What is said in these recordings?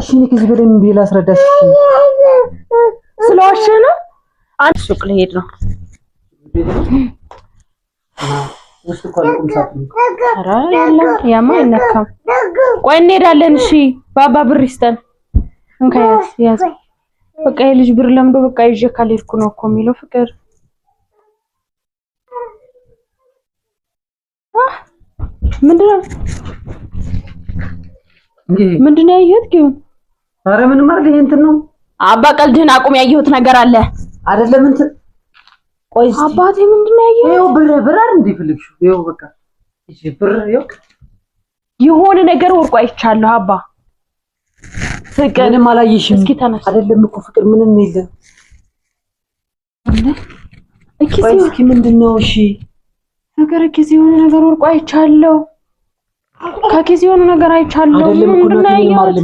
እሺ እኔ ከዚህ በላይ ምን ብዬሽ ላስረዳሽ? ስለዋሸ ነው። አንድ ሱቅ ልሄድ ነው። ኧረ የለም ያማ አይነካም። ቆይ እንሄዳለን። እሺ ባባ ብር ይስጠን። እንካ ያዝ ያዝ። በቃ የልጅ ብር ለምዶ በቃ ይዤ ካልሄድኩ ነው እኮ የሚለው ፍቅር ምንድን ነው? ምንድን ነው ያየሁት? ጊዮን አረ ምንም አይደል። ይሄ እንትን ነው አባ፣ ቀልድህን አቁም። ያየሁት ነገር አለ አይደለም እንትን ቆይ እስኪ አባቴ፣ ምንድን ነው ያየሁት? ይኸው ብር ብር አይደል እንዴ የፈለግሽው ይኸው በቃ እሺ፣ ብር ይኸው የሆነ ነገር ወርቆ አይቻለሁ አባ። ፍቅር ምንም አላየሽም። እስኪ ተነስ። አይደለም እኮ ፍቅር ምንም የለም። እስኪ ምንድን ነው እሺ፣ ነገር የሆነ ነገር ወርቆ አይቻለሁ ከኪስ የሆኑ ነገር አይቻለሁ። ነው።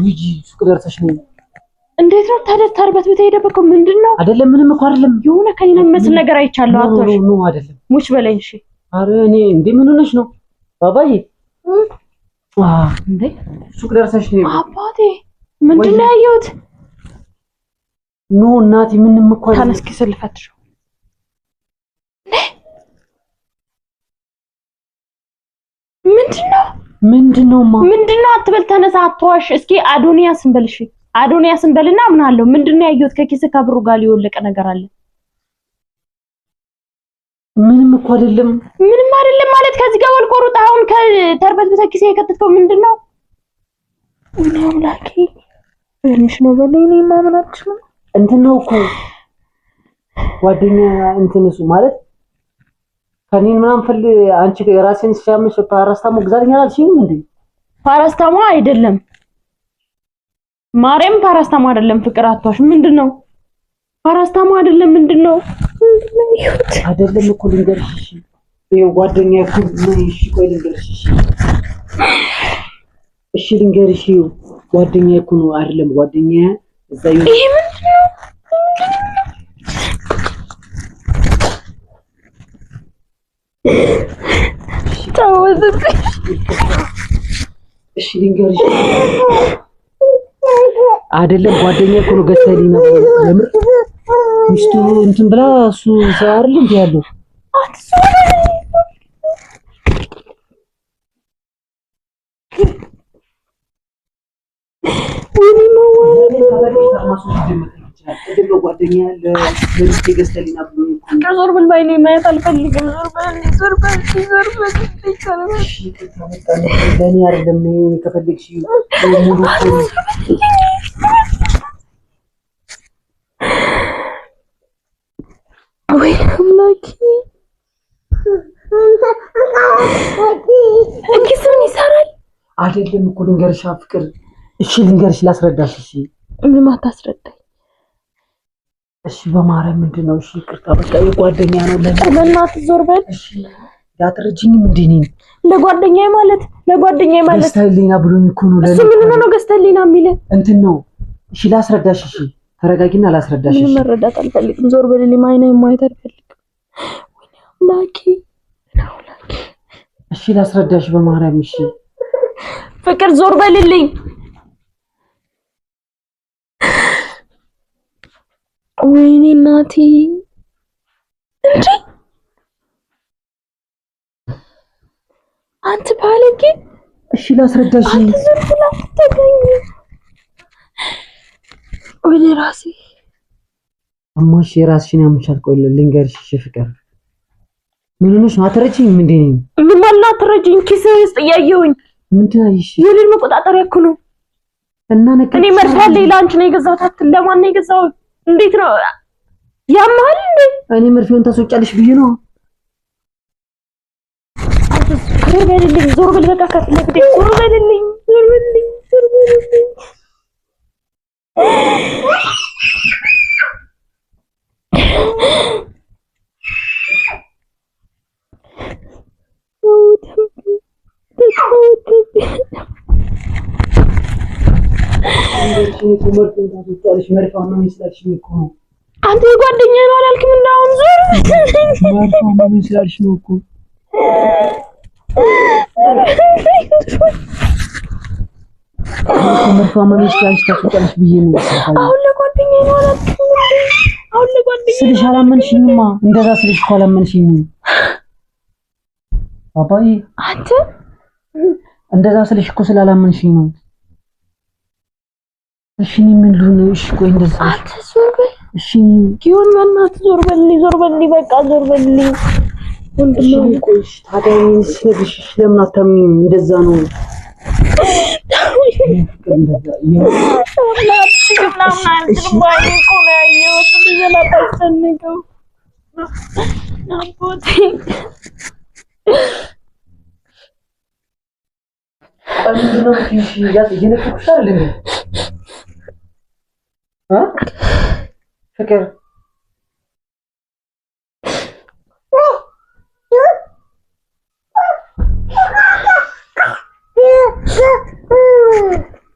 እንዴት ነው ታዲያ ታርበት ቤት የደበቀው ምንድን ነው? አይደለም ምንም እኮ አይደለም። የሆነ ከኔ ነው የሚመስል ነገር አይቻለሁ። አጥቶሽ ነው አይደለም። ሙች በለኝ እሺ። አረ እኔ እንዴ ምን ሆነሽ ነው ባባዬ? እንዴ ሱቅ ደርሰሽ ነው? አባቴ ምንድን ነው ያየሁት? ኖ እናቴ ምንም እኮ አይደለም። ተነስኪ ስልፈትሽው ምንድን ነው ምንድነው ምንድነው አትበል፣ ተነሳ፣ አትዋሽ። እስኪ አዶኒያስ እንበል፣ እሺ አዶኒያስ እንበልና ምን አለው? ምንድነው ያየሁት? ከኪስ ከብሩ ጋር ሊወለቀ ነገር አለ። ምንም እኮ አይደለም። ምንም አይደለም ማለት ከዚህ ጋር ወልቆ ሩጥ። አሁን ከተርበት በተኪስ ኪስ የከተትከው ምንድነው? ወይኔ አምላኬ፣ ምንሽ ነው በለኝ። እኔማ ነው እንትን ነው እኮ ጓደኛ እንትንሱ ማለት ከኔን ምናምን ፈል አንቺ የራሴን ሲያምሽ ፓራስታሞ ግዛልኝ አላልሽኝም እንዴ? ፓራስታሞ አይደለም ማርያም፣ ፓራስታሞ አይደለም። ፍቅር አቷሽ ምንድን ነው? ፓራስታሞ አይደለም። ምንድን ነው? አይደለም እኮ ልንገርሽ። እሺ ይኸው ጓደኛዬ እኮ እሺ፣ ቆይ ልንገርሽ። እሺ እሺ፣ ልንገርሽ። ይኸው ጓደኛዬ እኮ ነው አይደለም ጓደኛዬ እዛ ይሄ ምን አይደለም ጓደኛ እኮ ነው። ገሰሊ ነው ለምር ሚስቱ እንትን ብላ እሱ ዛር ልጅ ያለው ዞር ብል ባይኔ ማየት አልፈልግም። ዞር በል ዞር በል ዞር በል ወይ አምላኬ እንግዲህ ምን ይሰራል? አይደለም እኮ ልንገርሻ ፍቅር። እሺ ልንገርሽ፣ ላስረዳሽ። እሺ ምን ማታስረዳኝ እሺ በማርያም ምንድን ነው? እሺ ይቅርታ፣ በቃ የጓደኛ ነው። በእናትህ ዞር በል እሺ። ያትረጅኝም እንደ እኔን ለጓደኛዬ ማለት ለጓደኛ ማለት ገዝተህልኝና ብሎ እኮ ነው። እሱ ምን ሆኖ ነው ገዝተህልኝና የሚልህ? እንትን ነው። እሺ ላስረዳሽ። እሺ ተረጋጊና ላስረዳሽ። እሺ መረዳት አልፈልግም። ዞር በል። እኔ ማይናዬ ማየት አልፈልግም። ላኪ ላኪ። እሺ ላስረዳሽ በማርያም። እሺ ፍቅር ዞር በልልኝ። ወይኔ እናቴ እንዴ! አንተ ባለጌ! እሺ ላስረዳሽ። አንተ ዘርፍላ ራሴ አሞሽ የራስሽን ያምሻል። ቆይ ልንገርሽ። እሺ ፍቅር ምን ሆነሽ ነው? አትረጂኝ? ምንድን ነው? ምን ማለት አትረጂኝ? ኪስ ውስጥ እያየሁኝ ምንድን አይሽ? የልጅ መቆጣጠሪያ እኮ ነው። እና ነቀ እኔ መርዳት ሌላ አንቺ ነው የገዛሁት። ለማን ነው የገዛሁት? እንዴት ነው ያማል እንዴ? እኔ መርፌውን ታስወጫለሽ ብዬ ነው። ዞር በልልኝ፣ ዞር በል በቃ፣ ዞር በልልኝ፣ አንተስ ዞር በልልኝ አንተ የጓደኛ ነው አላልክም? እንዳሁን ዞር አሁን ለጓደኛ ነው አላልክም? አሁን ለጓደኛ ስልሽ አላመንሽኝማ። እንደዛ ስልሽ እኮ አላመንሽኝም። አባዬ አንተ እንደዛ ስልሽ እኮ ስላላመንሽኝ ነው እሺ እኔ ምን ልሁን? እሺ ቆይ እንደዛ አንተ ዞር በል። እሺ ኪዮን በእናት ዞር በል፣ ዞር በል፣ በቃ ዞር በል። ወንድም ቆይ ታዲያ ስነግርሽ ለምን አታምኚኝ? እንደዛ ነው ምናምን ፍቅር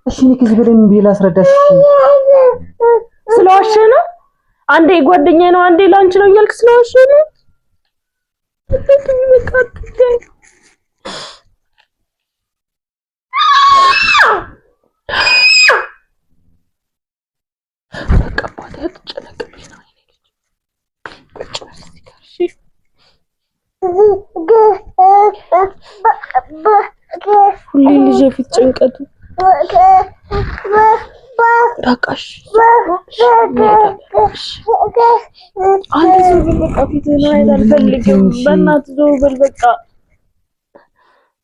እሺ እኔ ከዚህ በላይ ምን ብዬሽ ላስረዳሽ? ስለዋሸ ነው። አንዴ ጓደኛ ነው፣ አንዴ ላንቺ ነው እያልክ ስለዋሸ ነው። ልትጨነቅብኝ ነው። ሁሌ ልጅ የፊት ጭንቀቱ በቃሽ። አንድ ሰው በቃ ፊትህን ማየት አልፈልግም። በእናትህ ዞር በል በቃ።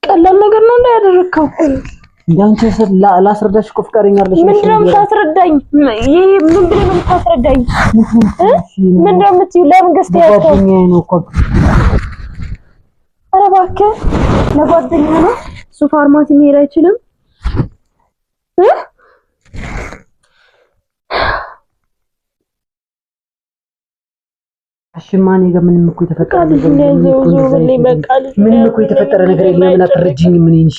ቀላል ነገር ነው እንዳያደረግከው እንዳንቺ ላስረዳሽ እኮ ፍቃደኛ አይደለሽ። ምንድን ነው የምታስረዳኝ? ይሄ ምን ነው የምታስረዳኝ? ምንድን ነው የምትይው? ለምን ገዝተህ ያልከው ነው እኮ። ኧረ እባክህ ለጓደኛ ነው እሱ ፋርማሲ መሄድ አይችልም። ምንም እኮ የተፈጠረ ነገር የለም። ምን እኮ የተፈጠረ ነገር የለም። ምን አትረጅኝም? ምን ይንሽ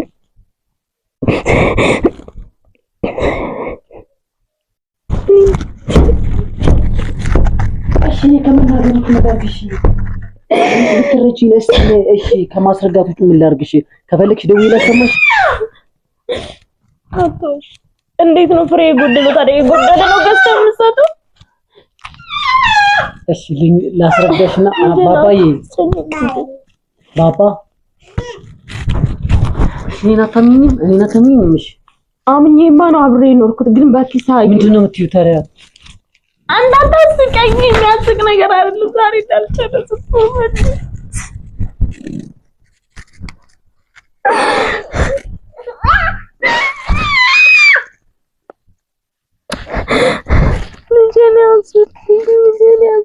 እሺ ከመናገሩት መዳብሽ ትረጂ እስቲ እሺ፣ ከማስረጋት ውጭ ምን ላድርግሽ? ከፈለግሽ ደውዬ ላሰማሽ። እንዴት ነው ፍሬ የጎደለው ታዲያ? የጎደለ ነው ገዝተው የምትሰጠው? እሺ ላስረዳሽና አባባዬ ባባ ሌና ተሚም ምሽ አምኜማ ነው አብሬ የኖርኩት። ግን በኪሳ ምንድን ነው የምትይው? ታዲያ አንድ አታስቀኝ። የሚያስቅ ነገር አይደለም። ዛሬ እንዳልጨረስኩ ልጄን ያዙልኝ፣ ልጄን ያዙልኝ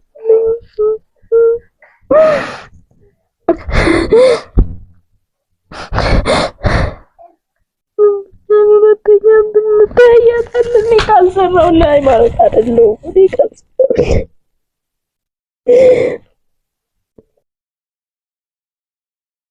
የማውና ሃይማኖት አይደለሁም።